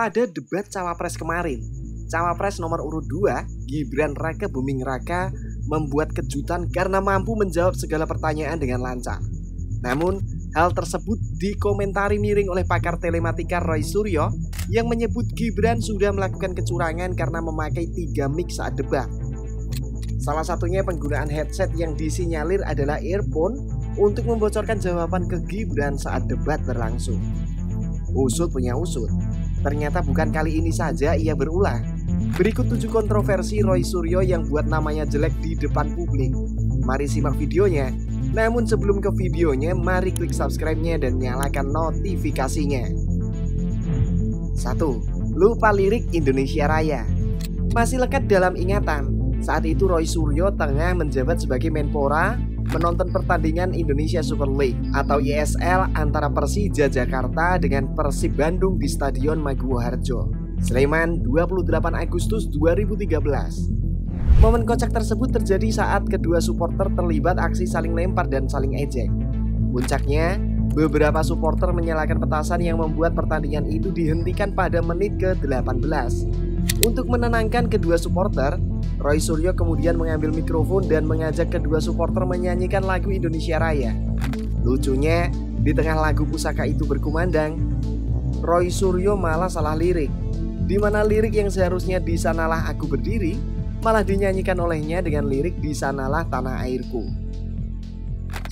pada debat cawapres kemarin. Cawapres nomor urut 2, Gibran Raka Buming Raka, membuat kejutan karena mampu menjawab segala pertanyaan dengan lancar. Namun, hal tersebut dikomentari miring oleh pakar telematika Roy Suryo yang menyebut Gibran sudah melakukan kecurangan karena memakai tiga mic saat debat. Salah satunya penggunaan headset yang disinyalir adalah earphone untuk membocorkan jawaban ke Gibran saat debat berlangsung. Usut punya usut, Ternyata bukan kali ini saja ia berulah. Berikut tujuh kontroversi Roy Suryo yang buat namanya jelek di depan publik. Mari simak videonya. Namun sebelum ke videonya, mari klik subscribe-nya dan nyalakan notifikasinya. 1. Lupa lirik Indonesia Raya Masih lekat dalam ingatan, saat itu Roy Suryo tengah menjabat sebagai Menpora menonton pertandingan Indonesia Super League atau ISL antara Persija Jakarta dengan Persib Bandung di Stadion Maguwo Harjo, Sleman 28 Agustus 2013. Momen kocak tersebut terjadi saat kedua supporter terlibat aksi saling lempar dan saling ejek. Puncaknya, beberapa supporter menyalakan petasan yang membuat pertandingan itu dihentikan pada menit ke-18. Untuk menenangkan kedua supporter, Roy Suryo kemudian mengambil mikrofon dan mengajak kedua supporter menyanyikan lagu Indonesia Raya. Lucunya, di tengah lagu pusaka itu berkumandang, Roy Suryo malah salah lirik. Di mana lirik yang seharusnya di sanalah aku berdiri, malah dinyanyikan olehnya dengan lirik di sanalah tanah airku.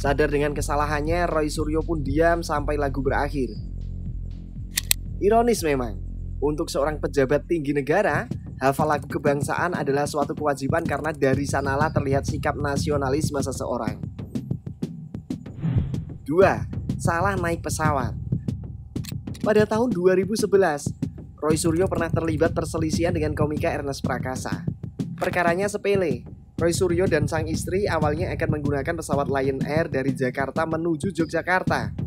Sadar dengan kesalahannya, Roy Suryo pun diam sampai lagu berakhir. Ironis memang, untuk seorang pejabat tinggi negara, hafal lagu kebangsaan adalah suatu kewajiban karena dari sanalah terlihat sikap nasionalisme seseorang. 2. Salah naik pesawat Pada tahun 2011, Roy Suryo pernah terlibat perselisihan dengan komika Ernest Prakasa. Perkaranya sepele, Roy Suryo dan sang istri awalnya akan menggunakan pesawat Lion Air dari Jakarta menuju Yogyakarta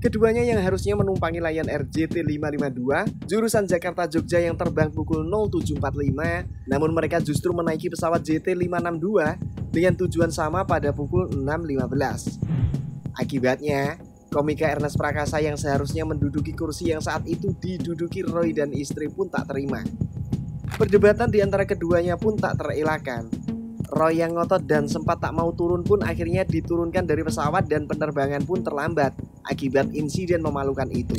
Keduanya yang harusnya menumpangi layan rjt 552 jurusan Jakarta Jogja yang terbang pukul 07.45, namun mereka justru menaiki pesawat JT562 dengan tujuan sama pada pukul 6.15. Akibatnya, komika Ernest Prakasa yang seharusnya menduduki kursi yang saat itu diduduki Roy dan istri pun tak terima. Perdebatan di antara keduanya pun tak terelakkan. Roy yang ngotot dan sempat tak mau turun pun akhirnya diturunkan dari pesawat dan penerbangan pun terlambat akibat insiden memalukan itu.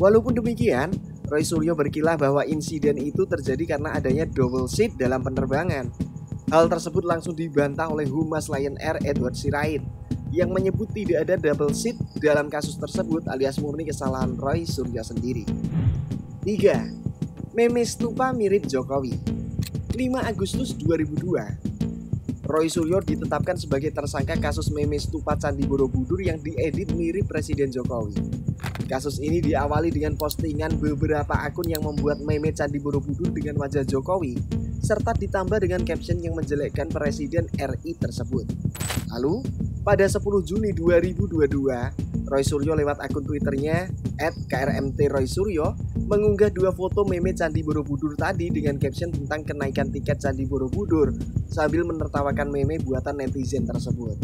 Walaupun demikian, Roy Suryo berkilah bahwa insiden itu terjadi karena adanya double seat dalam penerbangan. Hal tersebut langsung dibantah oleh Humas Lion Air Edward Sirait yang menyebut tidak ada double seat dalam kasus tersebut alias murni kesalahan Roy Suryo sendiri. 3. Memes lupa mirip Jokowi 5 Agustus 2002 Roy Suryo ditetapkan sebagai tersangka kasus meme stupa Candi Borobudur yang diedit mirip Presiden Jokowi. Kasus ini diawali dengan postingan beberapa akun yang membuat meme Candi Borobudur dengan wajah Jokowi, serta ditambah dengan caption yang menjelekkan Presiden RI tersebut. Lalu, pada 10 Juni 2022, Roy Suryo lewat akun Twitternya @krmtroysuryo mengunggah dua foto meme Candi Borobudur tadi dengan caption tentang kenaikan tiket Candi Borobudur sambil menertawakan meme buatan netizen tersebut.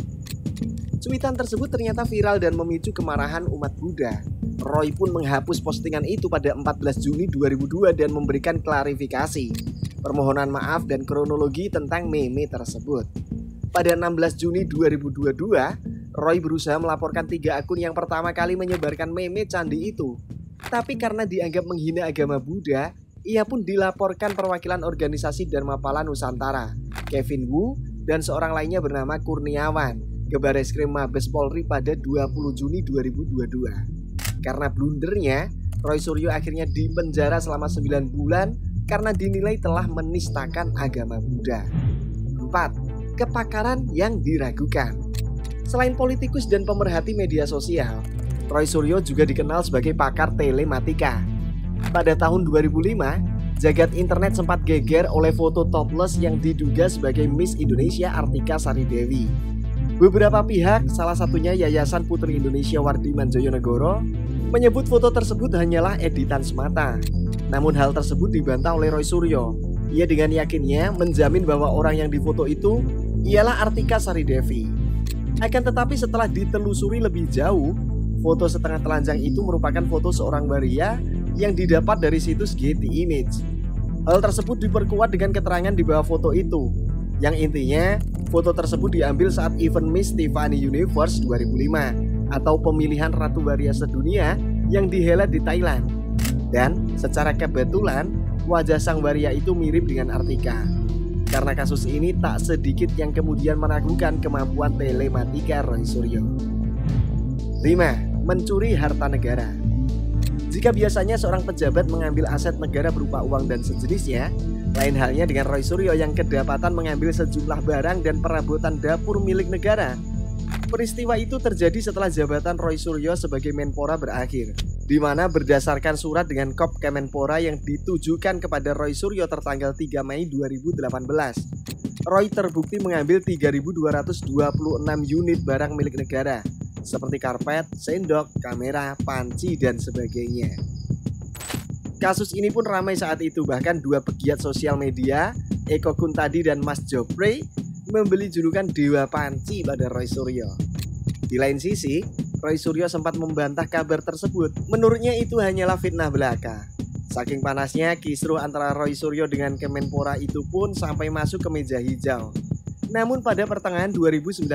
Cuitan tersebut ternyata viral dan memicu kemarahan umat Buddha. Roy pun menghapus postingan itu pada 14 Juni 2002 dan memberikan klarifikasi, permohonan maaf dan kronologi tentang meme tersebut. Pada 16 Juni 2022, Roy berusaha melaporkan tiga akun yang pertama kali menyebarkan meme candi itu. Tapi karena dianggap menghina agama Buddha, ia pun dilaporkan perwakilan organisasi Dharma Dharmapala Nusantara, Kevin Wu, dan seorang lainnya bernama Kurniawan, ke Baris Krim Mabes Polri pada 20 Juni 2022. Karena blundernya, Roy Suryo akhirnya dipenjara selama 9 bulan karena dinilai telah menistakan agama Buddha. 4. Kepakaran yang diragukan Selain politikus dan pemerhati media sosial, Roy Suryo juga dikenal sebagai pakar telematika. Pada tahun 2005, jagat internet sempat geger oleh foto topless yang diduga sebagai Miss Indonesia Artika Sari Dewi. Beberapa pihak, salah satunya Yayasan Putri Indonesia Wardi Manjoyonegoro, menyebut foto tersebut hanyalah editan semata. Namun hal tersebut dibantah oleh Roy Suryo. Ia dengan yakinnya menjamin bahwa orang yang difoto itu ialah Artika Sari Devi. Akan tetapi setelah ditelusuri lebih jauh, foto setengah telanjang itu merupakan foto seorang waria yang didapat dari situs Getty Image. Hal tersebut diperkuat dengan keterangan di bawah foto itu, yang intinya foto tersebut diambil saat event Miss Tiffany Universe 2005 atau pemilihan Ratu Waria Sedunia yang dihelat di Thailand. Dan secara kebetulan, wajah sang waria itu mirip dengan Artika karena kasus ini tak sedikit yang kemudian meragukan kemampuan telematika Roy Suryo. 5. Mencuri harta negara Jika biasanya seorang pejabat mengambil aset negara berupa uang dan sejenisnya, lain halnya dengan Roy Suryo yang kedapatan mengambil sejumlah barang dan perabotan dapur milik negara. Peristiwa itu terjadi setelah jabatan Roy Suryo sebagai Menpora berakhir di mana berdasarkan surat dengan Kop Kemenpora yang ditujukan kepada Roy Suryo tertanggal 3 Mei 2018. Roy terbukti mengambil 3.226 unit barang milik negara, seperti karpet, sendok, kamera, panci, dan sebagainya. Kasus ini pun ramai saat itu, bahkan dua pegiat sosial media, Eko Kuntadi dan Mas Jopre, membeli julukan Dewa Panci pada Roy Suryo. Di lain sisi, Roy Suryo sempat membantah kabar tersebut. Menurutnya itu hanyalah fitnah belaka. Saking panasnya kisruh antara Roy Suryo dengan Kemenpora itu pun sampai masuk ke meja hijau. Namun pada pertengahan 2019,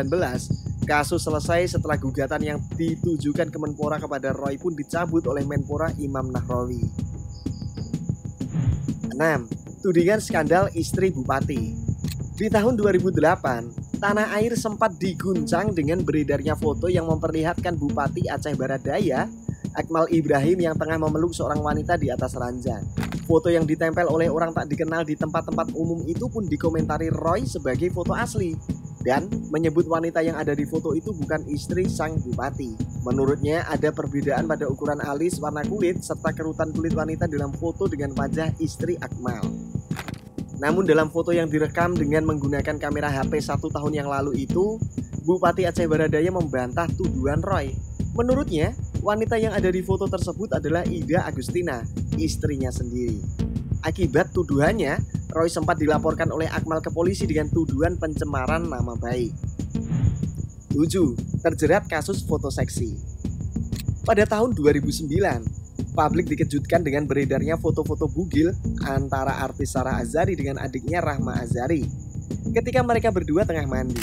kasus selesai setelah gugatan yang ditujukan Kemenpora kepada Roy pun dicabut oleh Menpora Imam Nahrawi. 6. Tudingan skandal istri bupati. Di tahun 2008, tanah air sempat diguncang dengan beredarnya foto yang memperlihatkan Bupati Aceh Barat Daya, Akmal Ibrahim yang tengah memeluk seorang wanita di atas ranjang. Foto yang ditempel oleh orang tak dikenal di tempat-tempat umum itu pun dikomentari Roy sebagai foto asli dan menyebut wanita yang ada di foto itu bukan istri sang bupati. Menurutnya ada perbedaan pada ukuran alis, warna kulit, serta kerutan kulit wanita dalam foto dengan wajah istri Akmal. Namun dalam foto yang direkam dengan menggunakan kamera HP satu tahun yang lalu itu, Bupati Aceh Baradaya membantah tuduhan Roy. Menurutnya, wanita yang ada di foto tersebut adalah Ida Agustina, istrinya sendiri. Akibat tuduhannya, Roy sempat dilaporkan oleh Akmal ke polisi dengan tuduhan pencemaran nama baik. 7. Terjerat kasus foto seksi. Pada tahun 2009, Publik dikejutkan dengan beredarnya foto-foto bugil antara artis Sarah Azari dengan adiknya Rahma Azari. Ketika mereka berdua tengah mandi,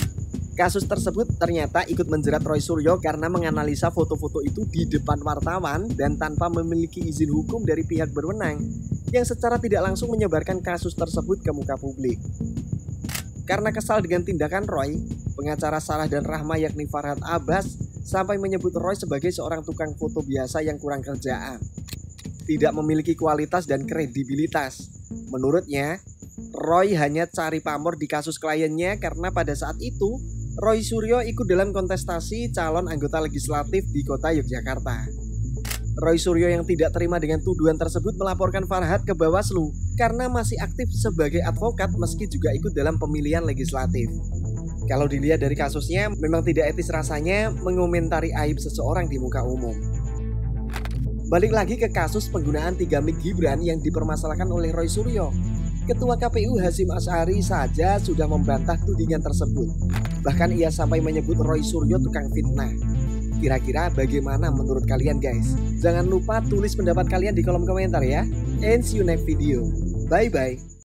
kasus tersebut ternyata ikut menjerat Roy Suryo karena menganalisa foto-foto itu di depan wartawan dan tanpa memiliki izin hukum dari pihak berwenang yang secara tidak langsung menyebarkan kasus tersebut ke muka publik. Karena kesal dengan tindakan Roy, pengacara Sarah dan Rahma yakni Farhad Abbas sampai menyebut Roy sebagai seorang tukang foto biasa yang kurang kerjaan tidak memiliki kualitas dan kredibilitas. Menurutnya, Roy hanya cari pamor di kasus kliennya karena pada saat itu Roy Suryo ikut dalam kontestasi calon anggota legislatif di kota Yogyakarta. Roy Suryo yang tidak terima dengan tuduhan tersebut melaporkan Farhad ke Bawaslu karena masih aktif sebagai advokat meski juga ikut dalam pemilihan legislatif. Kalau dilihat dari kasusnya, memang tidak etis rasanya mengomentari aib seseorang di muka umum. Balik lagi ke kasus penggunaan tiga mic Gibran yang dipermasalahkan oleh Roy Suryo. Ketua KPU Hasim Asari saja sudah membantah tudingan tersebut. Bahkan ia sampai menyebut Roy Suryo tukang fitnah. Kira-kira bagaimana menurut kalian guys? Jangan lupa tulis pendapat kalian di kolom komentar ya. And see you next video. Bye-bye.